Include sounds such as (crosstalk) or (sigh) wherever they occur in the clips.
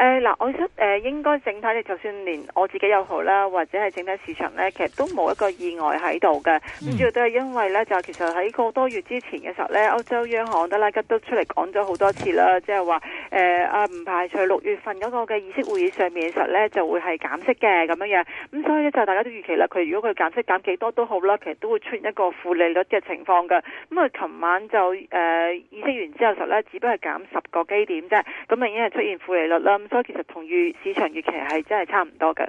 誒、呃、嗱，我想、呃、應該整體就算連我自己又好啦，或者係整體市場咧，其實都冇一個意外喺度嘅，主要都係因為咧，就其實喺個多月之前嘅時候咧，歐洲央行德拉吉都出嚟講咗好多次啦，即係話。誒、呃，阿唔排除六月份嗰個嘅議息會議上面實咧就會係減息嘅咁樣樣，咁所以咧就大家都預期啦，佢如果佢減息減幾多都好啦，其實都會出現一個負利率嘅情況嘅。咁啊，琴晚就誒議息完之後實咧，只不過係減十個基點啫，咁已經係出現負利率啦。咁所以其實同預市場預期係真係差唔多嘅。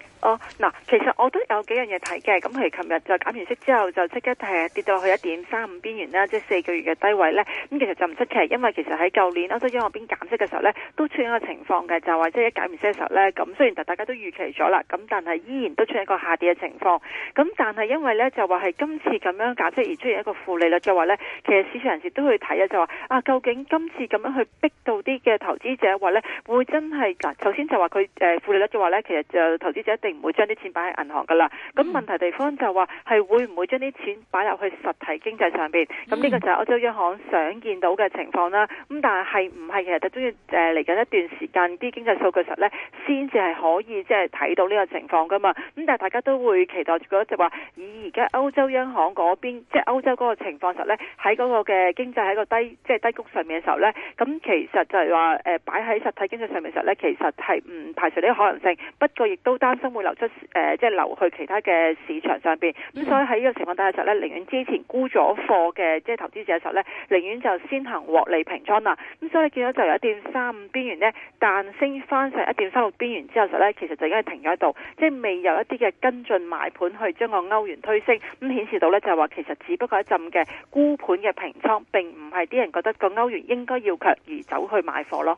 哦，嗱，其實我都有幾樣嘢睇嘅，咁佢琴日就減完息之後就即刻係跌到去一點三五邊緣啦，即係四個月嘅低位呢。咁其實就唔出奇，因為其實喺舊年歐洲央行邊減息嘅時候呢，都出現一個情況嘅，就話即係一減完息嘅時候呢。咁雖然大家都預期咗啦，咁但係依然都出現一個下跌嘅情況。咁但係因為呢，就話係今次咁樣減息而出現一個負利率嘅話呢，其實市場人士都會睇啊，就話啊究竟今次咁樣去逼到啲嘅投資者話呢，會真係嗱？首先就話佢誒負利率嘅話呢，其實就投資者一定唔會將啲錢擺喺銀行噶啦，咁問題地方就話係會唔會將啲錢擺入去實體經濟上邊？咁呢個就係歐洲央行想見到嘅情況啦。咁但係係唔係其實都要誒嚟緊一段時間啲經濟數據實呢，先至係可以即係睇到呢個情況噶嘛。咁但係大家都會期待住果就話以而家歐洲央行嗰邊即係歐洲嗰個情況實呢，喺嗰個嘅經濟喺個低即係、就是、低谷上面嘅時候呢。咁其實就係話誒擺喺實體經濟上面實呢，其實係唔排除呢個可能性，不過亦都擔心。流出誒，即、呃、係、就是、流去其他嘅市場上邊。咁所以喺呢個情況底下就咧，寧願之前沽咗貨嘅即係投資者嘅時候咧，寧願就先行獲利平倉啦。咁所以見到就有一點三五邊緣咧，彈升翻上一點三六邊緣之後時候咧，其實就已經係停咗喺度，即、就、係、是、未有一啲嘅跟進買盤去將個歐元推升。咁顯示到咧就係話，其實只不過一陣嘅沽盤嘅平倉，並唔係啲人覺得個歐元應該要強而走去買貨咯。.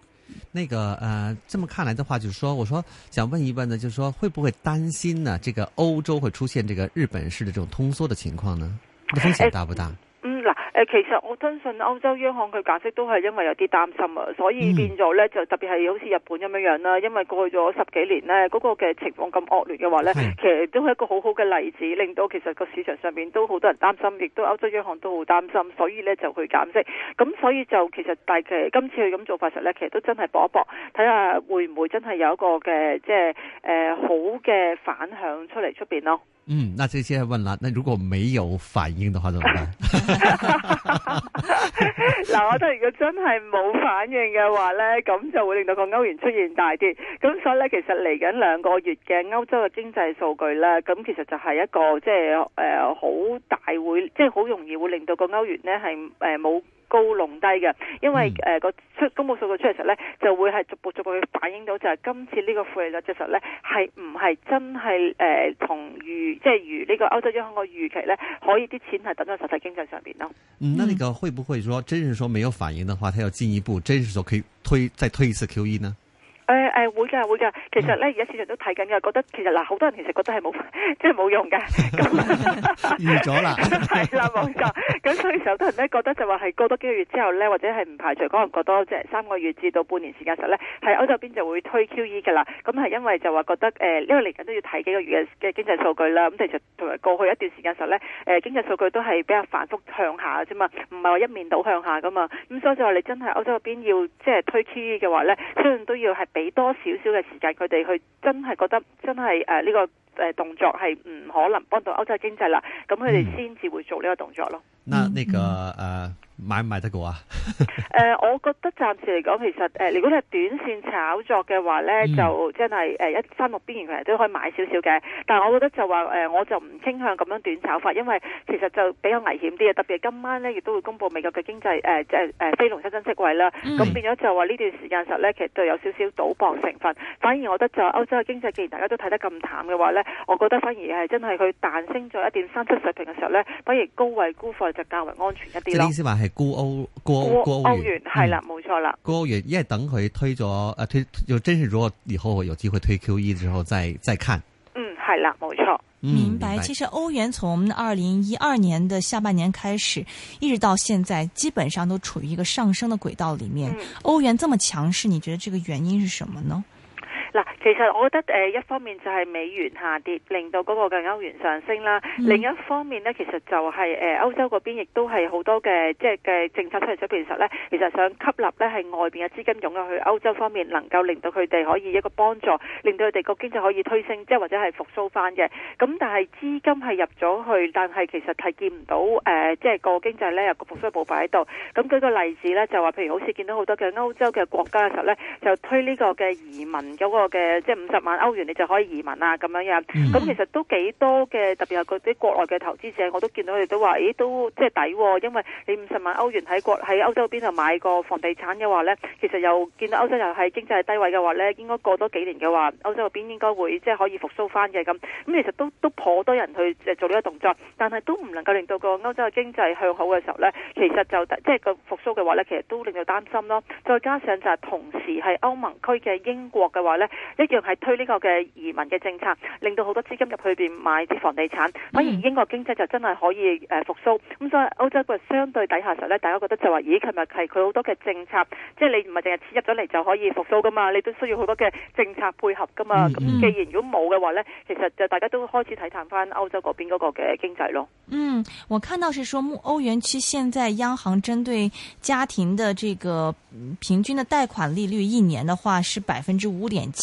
那個呃，這麼看來的話，就是說，我說想問一問呢，就是說，會不會擔心呢？這個歐洲會出現這個日本式的這種通縮的情況呢？風險大不大？誒，其實我相信歐洲央行佢減息都係因為有啲擔心啊，所以變咗呢，就特別係好似日本咁樣樣啦，因為過去咗十幾年呢，嗰個嘅情況咁惡劣嘅話呢，其實都係一個好好嘅例子，令到其實個市場上面都好多人擔心，亦都歐洲央行都好擔心，所以呢，就去減息，咁所以就其實大嘅今次佢咁做法實呢，其實都真係搏一搏，睇下會唔會真係有一個嘅即係誒好嘅反響出嚟出邊咯。嗯，那最近問啦，那如果沒有反應的話，怎麼辦？嗱，我覺得如果真係冇反應嘅話呢，咁就會令到個歐元出現大跌。咁所以呢，其實嚟緊兩個月嘅歐洲嘅經濟數據呢，咁其實就係一個即係誒好大會，即係好容易會令到個歐元呢係誒冇。呃高隆低嘅，因為誒個、嗯呃、出公布數據出嚟時候咧，就會係逐步逐步去反映到，就係今次呢個負利率，其實咧係唔係真係誒、呃、同預即係如呢個歐洲央行個預期咧，可以啲錢係等到實際經濟上邊咯。嗯，那你個會唔會說，真是說沒有反應的話，他要進一步，真是說可以推再推一次 Q E 呢？誒、哎。誒，會噶會噶，其實咧而家市場都睇緊㗎。覺得其實嗱，好、呃、多人其實覺得係冇，即係冇用㗎。用咗 (laughs) (laughs) 要了啦， (laughs) 係啦冇錯。咁所以好多人咧覺得就話係過多幾個月之後咧，或者係唔排除可能過多即係三個月至到半年時間時呢，咧，喺歐洲邊就會推 QE 噶啦。咁係因為就話覺得，誒、呃，因為嚟緊都要睇幾個月嘅嘅經濟數據啦。咁其實同埋過去一段時間時呢，咧、呃，誒經濟數據都係比較反覆向下嘅啫嘛，唔係話一面倒向下噶嘛。咁所以就話你真係歐洲邊要即係推 QE 嘅話咧，雖然都要係俾多。多少少嘅時間，佢哋去真係覺得真係誒呢個誒動作係唔可能幫到歐洲經濟啦，咁佢哋先至會做呢個動作咯。嗱、嗯，呢、呢個誒。嗯呃買唔買得過啊？誒、 (laughs) 呃，我覺得暫時嚟講，其實誒、呃，如果你係短線炒作嘅話咧、嗯，就真係誒一三六邊緣其實都可以買少少嘅。但係我覺得就話誒、呃，我就唔傾向咁樣短炒法，因為其實就比較危險啲嘅。特別係今晚咧，亦都會公布美國嘅經濟誒，即、呃、誒、呃、非農新增職位啦。咁、嗯、變咗就話呢段時間實咧，其實都有少少賭博成分。反而我覺得就歐洲嘅經濟，既然大家都睇得咁淡嘅話咧，我覺得反而係真係佢彈升咗一點三七水平嘅時候咧，反而高位沽貨就較為安全一啲咯。就是沽歐，沽歐，沽歐元，係啦，冇錯啦。沽歐元，因為、嗯、等佢推咗，啊，推就真是如果以後有機會推 Q E 之後，再再看。嗯，係啦，冇錯、嗯，明白。其實歐元從二零一二年的下半年開始，一直到現在，基本上都處於一個上升的軌道裏面、嗯。歐元這麼強勢，你覺得這個原因是什麼呢？嗱，其實我覺得誒一方面就係美元下跌，令到嗰個嘅歐元上升啦、嗯；另一方面呢，其實就係誒歐洲嗰邊亦都係好多嘅即係嘅政策出嚟咗，其實咧其，其實想吸納呢係外邊嘅資金湧入去歐洲方面，能夠令到佢哋可以一個幫助，令到佢哋個經濟可以推升，即係或者係復甦翻嘅。咁但係資金係入咗去，但係其實係見唔到誒，即、呃、係、就係、個經濟有又復甦嘅步伐喺度。咁舉個例子呢，就話譬如好似見到好多嘅歐洲嘅國家嘅時候呢，就推呢個嘅移民嘅、嗰個嘅即係五十萬歐元，你就可以移民啊咁樣樣。咁其實都幾多嘅，特別係嗰啲國內嘅投資者，我都見到佢哋都話，誒都即係抵，因為你五十萬歐元喺國喺歐洲邊度買個房地產嘅話呢，其實又見到歐洲又係經濟係低位嘅話呢，應該過多幾年嘅話，歐洲邊應該會即係、就是、可以復甦翻嘅咁。咁其實都都頗多人去做呢個動作，但係都唔能夠令到個歐洲嘅經濟向好嘅時候呢，其實就即係個復甦嘅話呢，其實都令到擔心咯。再加上就係同時係歐盟區嘅英國嘅話呢。一樣係推呢個嘅移民嘅政策，令到好多資金入去邊買啲房地產，反而英國經濟就真係可以誒復甦。咁、嗯、所以歐洲嘅相對底下實咧，大家覺得就話咦，今日係佢好多嘅政策，即係你唔係淨係錢入咗嚟就可以復甦噶嘛你都需要好多嘅政策配合噶嘛咁、嗯、既然如果冇嘅話咧，其實就大家都開始睇淡翻歐洲嗰邊嗰個嘅經濟咯。嗯，我看到是說歐元區現在央行針對家庭的這個平均的貸款利率，一年的話是百分之五點七。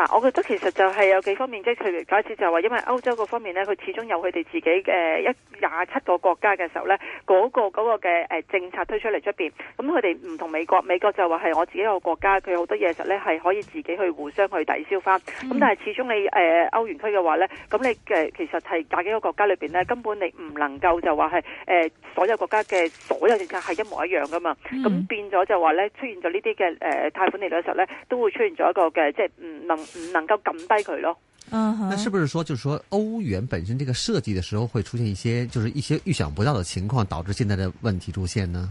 嗱、啊，我覺得其實就係有幾方面，即係佢假設就係話，因為歐洲嗰方面咧，佢始終有佢哋自己嘅一廿七個國家嘅時候咧，嗰、那個嗰、那個嘅誒、呃、政策推出嚟出邊，咁佢哋唔同美國，美國就話係我自己一個國家，佢好多嘢實咧係可以自己去互相去抵消翻。咁、嗯、但係始終你誒、呃、歐元區嘅話咧，咁你嘅、呃、其實係廿幾個國家裏邊咧，根本你唔能夠就話係誒所有國家嘅所有政策係一模一樣噶嘛。咁、嗯、變咗就話咧，出現咗呢啲嘅誒貸款利率嘅時候咧，都會出現咗一個嘅即係唔能唔能夠撳低佢咯，嗯哼，那是不是說，就是說，歐元本身這個設計的時候會出現一些，就是一些預想不到的情況，導致現在的問題出現呢？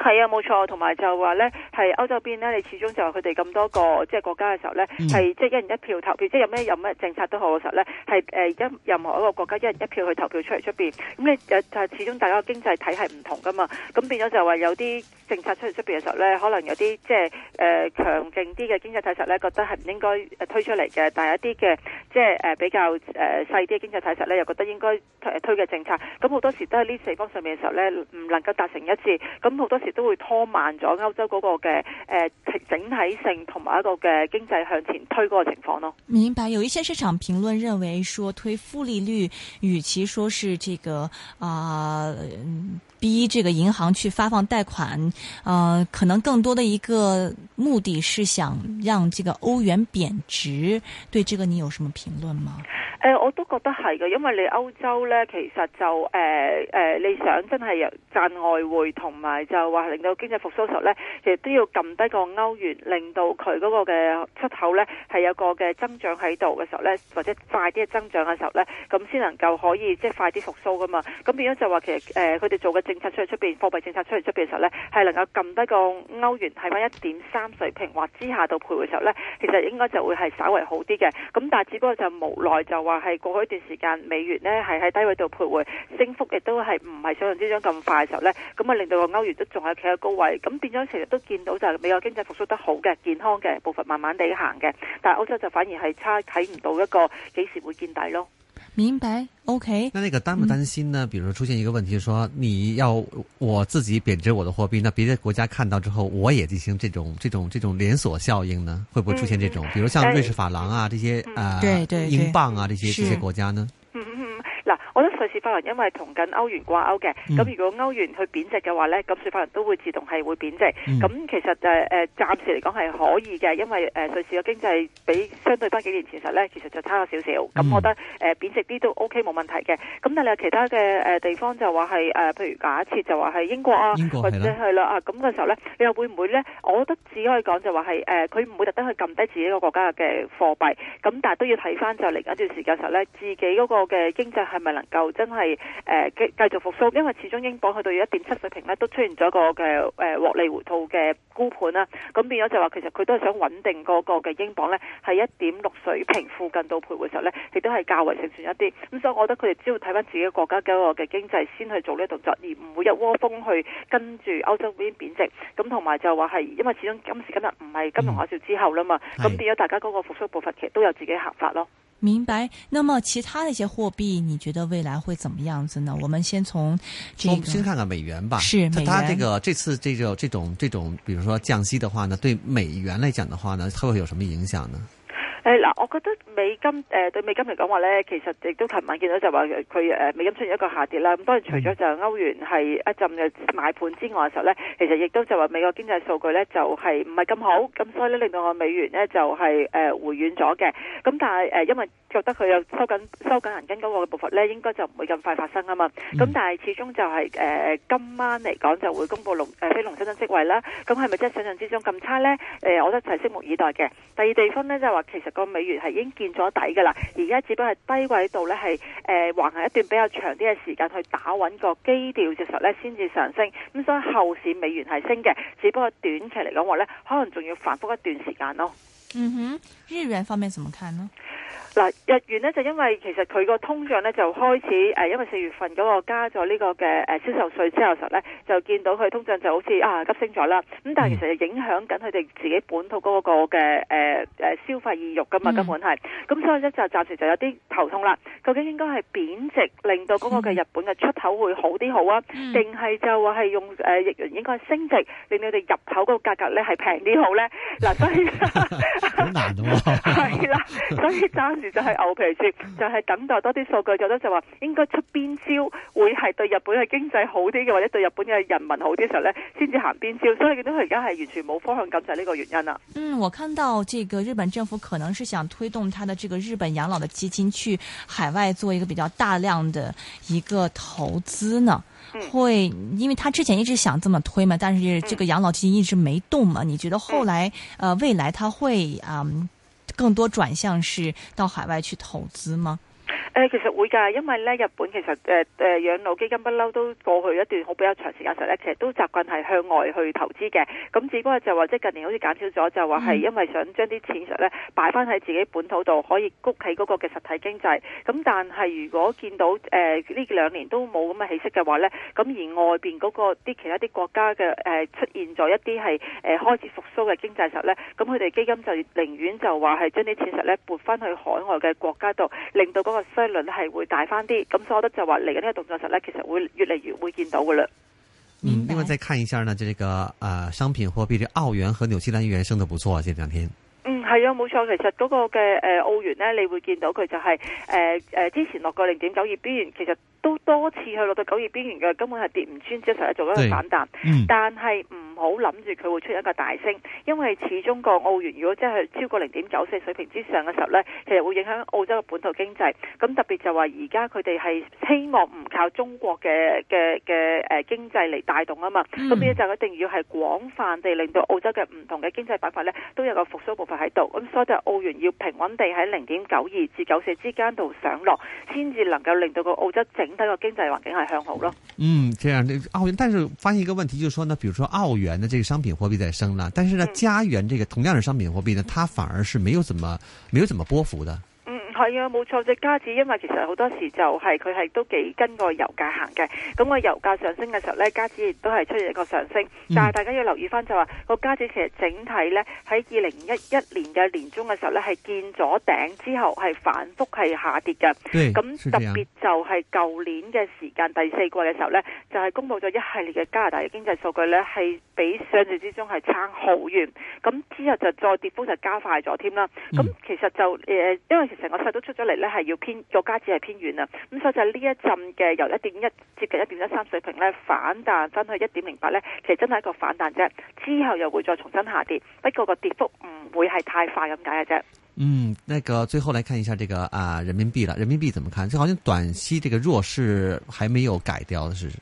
係啊，冇錯，同埋就話咧，係歐洲邊咧，你始終就話佢哋咁多個即係、就是、國家嘅時候咧，係即係一人一票投，票。即、就、係、是、有咩有咩政策都好嘅時候咧，係、呃、任何一個國家一人一票去投票出嚟出邊。咁你誒始終大家個經濟體係唔同噶嘛，咁變咗就話有啲政策出嚟出邊嘅時候咧，可能有啲即係誒強勁啲嘅經濟體實咧覺得係唔應該推出嚟嘅，但係一啲嘅即係比較誒、呃、細啲嘅經濟體實咧又覺得應該推嘅政策。咁好多時都係呢四方上面嘅時候咧，唔能夠達成一致。咁好多時。都會拖慢咗歐洲嗰個嘅、呃、整體性同埋一個嘅經濟向前推嗰個情況咯。明白，有一些市場評論認為，說推負利率，與其說是這個啊、呃，逼這個銀行去發放貸款，嗯、呃，可能更多的一個目的是想讓這個歐元貶值。對，這個你有什麼評論嗎、呃？我都覺得係嘅，因為你歐洲咧，其實就、呃呃、你想真係賺外匯同埋就話令到經濟復甦時候呢，其實都要撳低個歐元，令到佢嗰個嘅出口呢係有個嘅增長喺度嘅時候呢，或者快啲嘅增長嘅時候呢，咁先能夠可以即係、就是、快啲復甦㗎嘛。咁變咗就話其實誒佢哋做嘅政策出嚟出邊，貨幣政策出嚟出邊嘅時候呢，係能夠撳低個歐元喺翻一點三水平或之下度徘徊嘅時候呢，其實應該就會係稍微好啲嘅。咁但係只不過就無奈就話係過去一段時間美元呢係喺低位度徘徊，升幅亦都係唔係想像之中咁快嘅時候呢。咁啊令到個歐元都仲係。企喺高位，咁變咗其實都見到就係美國經濟復蘇得好嘅，健康嘅步伐慢慢地行嘅，但係歐洲就反而係差，睇唔到一個幾時會見底咯。明白，OK。那那個擔唔擔心呢？比如,說出,現、嗯、比如說出現一個問題，說你要我自己貶值我的貨幣，那別的國家看到之後，我也進行這種、這種、這種,這種連鎖效應呢？會不會出現這種？嗯、比如像瑞士法郎啊，這些啊、嗯嗯對對對，英鎊啊，這些這些國家呢？嗯嗱。嗯我覺得瑞士法郎因為同緊歐元掛鈎嘅，咁、嗯、如果歐元去貶值嘅話咧，咁瑞士法郎都會自動係會貶值。咁、嗯、其實誒誒，暫時嚟講係可以嘅，因為誒瑞士嘅經濟比相對翻幾年前實咧，其實就差咗少少。咁、嗯、我覺得誒貶值啲都 O K 冇問題嘅。咁但係其他嘅誒地方就話係誒，譬如假設就話係英國啊，國或者係啦啊咁嘅時候咧，你又會唔會咧？我覺得只可以講就話係誒，佢唔會特登去撳低自己個國家嘅貨幣，咁但係都要睇翻就嚟緊一段時間嘅時候咧，自己嗰個嘅經濟係咪能夠真係誒繼繼續復甦，因為始終英鎊去到一點七水平咧，都出現咗個嘅誒獲利回吐嘅。沽盤啦、啊，咁變咗就話其實佢都係想穩定嗰個嘅英鎊呢，係一點六水平附近度徘徊嘅時候呢，亦都係較為成傳一啲。咁所以，我覺得佢哋只要睇返自己國家嘅經濟先去做呢個動作，而唔會一窩蜂，蜂去跟住歐洲邊貶值。咁同埋就話係因為始終今時今日唔係金融海嘯之後啦嘛，咁、嗯、變咗大家嗰個復甦步伐其實都有自己行法咯。明白。那麼其他一些貨幣，你覺得未來會怎麼樣子呢？我們先從先、這個、先看看美元吧。是美元，佢哋、這個、次這種、個、這種這種，比如。說降息的話呢，對美元來講的話呢，它會有什麼影響呢？誒、哎、嗱，我覺得美金誒、呃、對美金嚟講話咧，其實亦都琴晚見到就話佢誒美金出現一個下跌啦。咁當然除咗就歐元係一陣嘅買盤之外嘅時候咧，其實亦都就話美國經濟數據咧就係唔係咁好，咁所以咧令到我的美元咧就係、是、誒、呃、回軟咗嘅。咁但係誒、呃、因為覺得佢又收緊收緊銀根嗰個步伐咧，應該就唔會咁快發生啊嘛。咁但係始終就係、是、誒、呃、今晚嚟講就會公布龍誒、呃、非農新增職位啦。咁係咪真係想象之中咁差咧？誒、呃，我都係拭目以待嘅。第二地方咧就話其實。個美元係已經見咗底噶啦，而家只不過係低位度咧，係誒橫行一段比較長啲嘅時間去打穩個基調，其實咧先至上升。咁所以後市美元係升嘅，只不過短期嚟講話咧，可能仲要反覆一段時間咯。嗯哼，日元方面怎麼看呢？嗱、啊，日元咧就因為其實佢個通脹咧就開始誒、呃，因為四月份嗰個加咗呢個嘅、呃、銷售稅之後時候咧，就見到佢通脹就好似啊急升咗啦。咁但係其實影響緊佢哋自己本土嗰個嘅誒、呃、消費意欲噶嘛、嗯，根本係。咁所以咧就暫時就有啲頭痛啦。究竟應該係貶值令到嗰個嘅日本嘅出口會好啲好啊？定、嗯、係就話係用誒、呃、日元應該升值，令到佢哋入口嗰個價格咧係平啲好咧？嗱、啊，所以好 (laughs) (laughs) 難喎的。 (laughs) 係啦，所以就係牛皮吹，就係等待多啲數據，覺得就話應該出邊招，會係對日本嘅經濟好啲嘅，或者對日本嘅人民好啲嘅時候呢，先至行邊招。所以覺得佢而家係完全冇方向感就係呢個原因啦。嗯，我看到這個日本政府可能是想推動它的這個日本養老的基金去海外做一個比較大量的一個投資呢，會，因為他之前一直想這麼推嘛，但是這個養老基金一直沒動嘛，你覺得後來，呃，未來他會，嗯？更多轉向是到海外去投資嗎？誒，其實會噶，因為咧日本其實誒誒養老基金不嬲，都過去一段好比較長時間實咧，其實都習慣係向外去投資嘅。咁只不過就話即近年好似減少咗，就話係因為想將啲錢實咧擺翻喺自己本土度，可以谷起嗰個嘅實體經濟。咁但係如果見到誒呢兩年都冇咁嘅起色嘅話咧，咁而外邊嗰個啲其他啲國家嘅誒、呃、出現咗一啲係誒開始復蘇嘅經濟實咧，咁佢哋基金就寧願就話係將啲錢實咧撥翻去海外嘅國家度，令到嗰個。比率係會大翻啲，咁所以我覺得就話嚟緊呢個動作實咧，其實會越嚟越會見到噶啦。嗯，另外再看一下呢，就、這、呢個呃商品貨幣，就澳元和紐西蘭元升得不錯，這兩天。Mm -hmm. 嗯，係啊，冇錯，其實嗰、那個嘅誒、呃、澳元咧，你會見到佢就係誒誒之前落過零點九二邊緣，其實都多次去落到九二邊緣噶，根本係跌唔穿，只、就、係、是、做咗個反彈，mm -hmm. 但係唔。好諗住佢會出一個大升，因為始終個澳元如果真係超過零點九四水平之上嘅時候呢，其實會影響澳洲嘅本土經濟。咁特別就話而家佢哋係希望唔靠中國嘅嘅嘅誒經濟嚟帶動啊嘛，咁變咗就一定要係廣泛地令到澳洲嘅唔同嘅經濟板塊呢都有個復甦步伐喺度。咁所以就澳元要平穩地喺零點九二至九四之間度上落，先至能夠令到個澳洲整體個經濟環境係向好咯。嗯，這樣，但是發現一個問題，就是說呢，比如說澳元。元的這個商品貨幣在升了，但是呢，加元這個同樣的商品貨幣呢，它反而是沒有怎麼沒有怎麼波幅的。係啊，冇錯，隻加紙因為其實好多時就係佢係都幾跟個油價行嘅，咁個油價上升嘅時候呢，加紙亦都係出現一個上升。嗯、但係大家要留意翻就話、是、個加紙其實整體呢，喺二零一一年嘅年中嘅時候呢，係見咗頂之後係反覆係下跌嘅。咁特別就係舊年嘅時間第四季嘅時候呢，就係、是、公布咗一系列嘅加拿大嘅經濟數據呢，係比想像之中係差好遠，咁之後就再跌幅就加快咗添啦。咁其實就誒、呃，因為其實我都出咗嚟咧，係要偏個價值係偏軟啦。咁所以就呢一陣嘅由一點一接近一點一三水平咧反彈，翻去一點零八咧，其實真係一個反彈啫。之後又會再重新下跌，不過個，個跌幅唔會係太快咁解嘅啫。嗯，那個最後嚟看一下這個啊，人民幣啦，人民幣怎麼看？就好像短期這個弱勢還沒有改掉，是，是。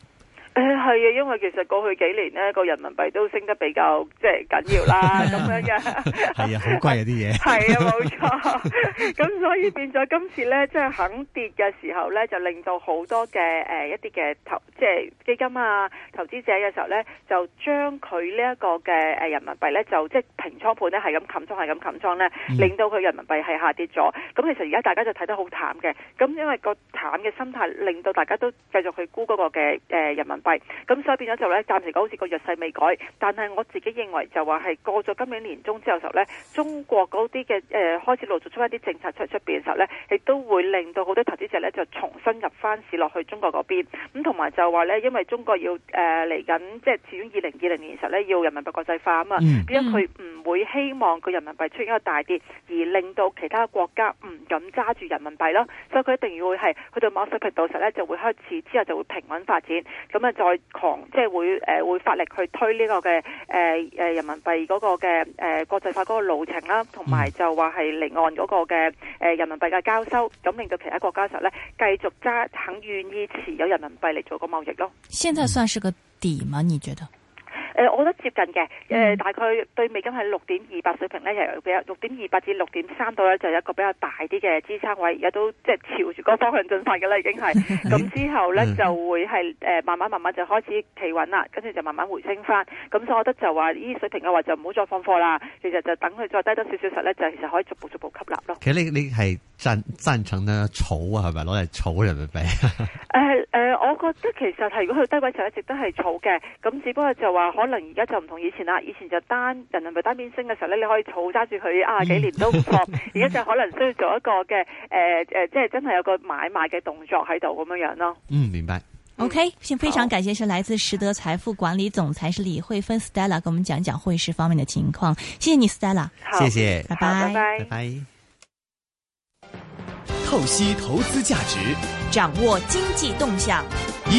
誒係啊，因為其實過去幾年呢個人民幣都升得比較即係緊要啦，咁樣嘅係 (laughs) 啊，好貴啊啲嘢係啊，冇錯。咁 (laughs) 所以變咗今次呢，即係肯跌嘅時候呢，就令到好多嘅誒、呃、一啲嘅投即係基金啊投資者嘅時候呢，就將佢呢一個嘅誒人民幣、就是、呢，就即係平倉盤呢，係咁冚倉係咁冚倉呢，令到佢人民幣係下跌咗。咁其實而家大家就睇得好淡嘅，咁因為個淡嘅心態，令到大家都繼續去估嗰個嘅誒人民幣。咁所以變咗就咧，暫時好似個弱勢未改，但係我自己認為就話係過咗今年年中之後時候咧，中國嗰啲嘅誒開始陸續出一啲政策出出邊嘅時候咧，亦都會令到好多投資者咧就重新入翻市落去中國嗰邊，咁同埋就話咧，因為中國要誒嚟緊即係始終二零二零年時候咧要人民幣國際化啊嘛，咁因佢唔。會希望個人民幣出現一個大跌，而令到其他國家唔敢揸住人民幣咯，所以佢一定要會係去到某水平度時咧，就會開始之後就會平穩發展，咁啊再狂即係、就是、會誒、呃、會發力去推呢、這個嘅誒誒人民幣嗰個嘅誒、呃、國際化嗰個路程啦，同埋就話係離岸嗰個嘅誒、呃、人民幣嘅交收，咁令到其他國家嘅時候咧繼續揸肯願意持有人民幣嚟做個貿易咯。現在算是個底嗎？你覺得？誒，我覺得接近嘅，大概對美金係六點二八水平咧，又比六點二八至六點三度咧，就有一個比較大啲嘅支撐位，而家都即係朝住個方向進發㗎啦，已經係咁 (laughs) 之後咧就會係慢慢慢慢就開始企穩啦，跟住就慢慢回升翻。咁所以我覺得就話呢啲水平嘅話就唔好再放貨啦，其實就等佢再低多少少實咧，就其實可以逐步逐步吸納咯。其實你，你係贊贊成咧草啊，係咪攞嚟人民幣咩？ (laughs) 我覺得其實係如果去低位時一直都係儲嘅。咁只不過就話可能而家就唔同以前啦。以前就單人民幣單邊升嘅時候咧，你可以儲揸住佢啊，幾年都唔錯。而 (laughs) 家就可能需要做一個嘅，誒誒，即係真係有個買賣嘅動作喺度咁樣樣咯。嗯，明白。嗯、OK，先非常感謝，是來自實德財富管理總裁是李慧芬 Stella，跟我們講一講匯市方面的情況。謝謝你，Stella，好謝謝，拜拜，拜拜。Bye bye bye bye 透析投資價值，掌握經濟動向。一。